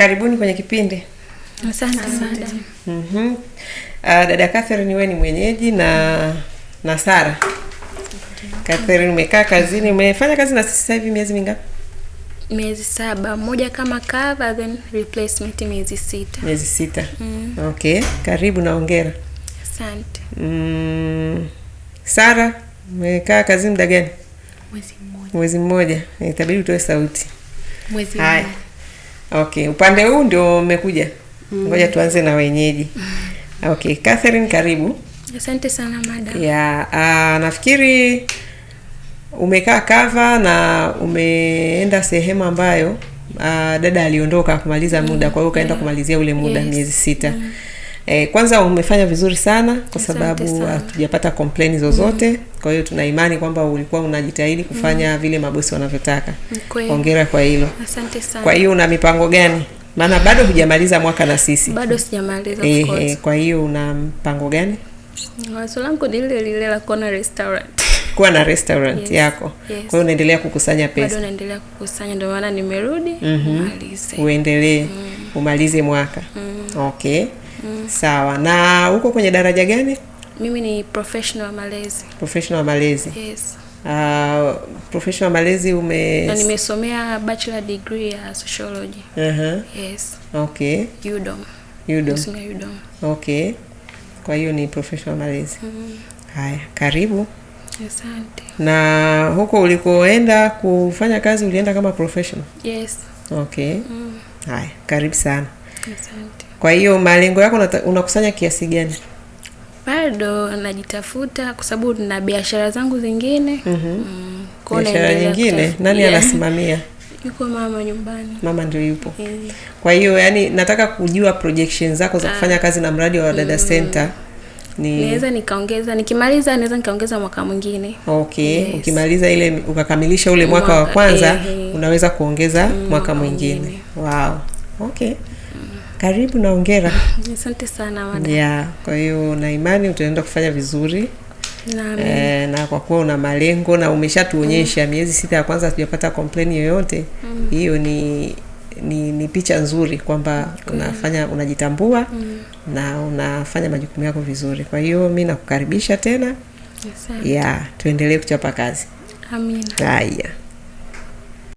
Karibuni kwenye kipindi. Asante sana. Mhm. Ah, dada Catherine, wewe ni mwenyeji na na Sara. Catherine, umekaa kazini, umefanya kazi na sisi sasa hivi miezi mingapi? Miezi saba, moja kama cover then replacement miezi sita. Miezi sita. Mm. Okay, karibu na ongera. Asante. Mm. Sara, umekaa kazini muda gani? Mwezi mmoja. Mwezi mmoja. Itabidi utoe sauti. Mwezi mmoja. Okay, upande huu ndio umekuja. Mm. Ngoja mm. tuanze na wenyeji. Okay, Catherine karibu. Asante sana madam. Yeah, uh, nafikiri umekaa kava na umeenda sehemu ambayo uh, dada aliondoka kumaliza muda, kwa hiyo ukaenda yeah. Mm. kumalizia ule muda yes. miezi sita. Mm. E, kwanza umefanya vizuri sana kwa sababu hatujapata kompleni zozote mm. Kwa hiyo tuna imani kwamba ulikuwa unajitahidi kufanya mm. vile mabosi wanavyotaka. Hongera kwa hilo. Asante sana. Kwa hiyo una mipango gani? Maana bado hujamaliza mwaka na sisi. Bado sijamaliza e, e, kwa hiyo una mpango gani? Wazo langu ni la kuwa na restaurant. Kuwa na restaurant yes, yako. Yes. Kwa hiyo unaendelea kukusanya pesa. Bado naendelea kukusanya ndio maana nimerudi. Mm -hmm. Uendelee mm. umalize mwaka. Mm. Okay. Mm. Sawa. Na uko kwenye daraja gani? Mimi ni professional malezi. Professional malezi. Yes. Uh, professional malezi ume... Na nimesomea bachelor degree ya sociology. Uh -huh. Yes. Okay. UDOM. UDOM. UDOM. Okay. Kwa hiyo ni professional malezi. Mm. Haya, karibu. Asante. Na huko ulikoenda kufanya kazi ulienda kama professional? Yes. Okay. Mm. Haya, karibu sana. Kwa hiyo malengo yako unakusanya kiasi gani? Bado najitafuta kwa sababu na biashara zangu zingine. Mm-hmm. mm mm, biashara nyingine Nani yeah. anasimamia? Yuko mama nyumbani. Mama ndio yupo. yeah. Kwa hiyo yani, nataka kujua projections zako za ah. kufanya kazi na mradi wa Wadada mm. Center ni naweza nikaongeza, nikimaliza naweza nikaongeza mwaka mwingine. Okay, yes. Ukimaliza ile ukakamilisha ule mwaka, mwaka wa kwanza eh, eh, unaweza kuongeza mm, mwaka mwingine. Wow, okay. Karibu na ongera Asante sana ya Yeah, kwa hiyo na imani utaenda kufanya vizuri e, na kwa kuwa una malengo na umeshatuonyesha mm. miezi sita ya kwanza tujapata complain yoyote mm. hiyo mm. ni ni, ni picha nzuri kwamba unafanya unajitambua mm. na unafanya majukumu yako vizuri. Kwa hiyo mi nakukaribisha tena yes, ya tuendelee kuchapa kazi. Amina. Haya.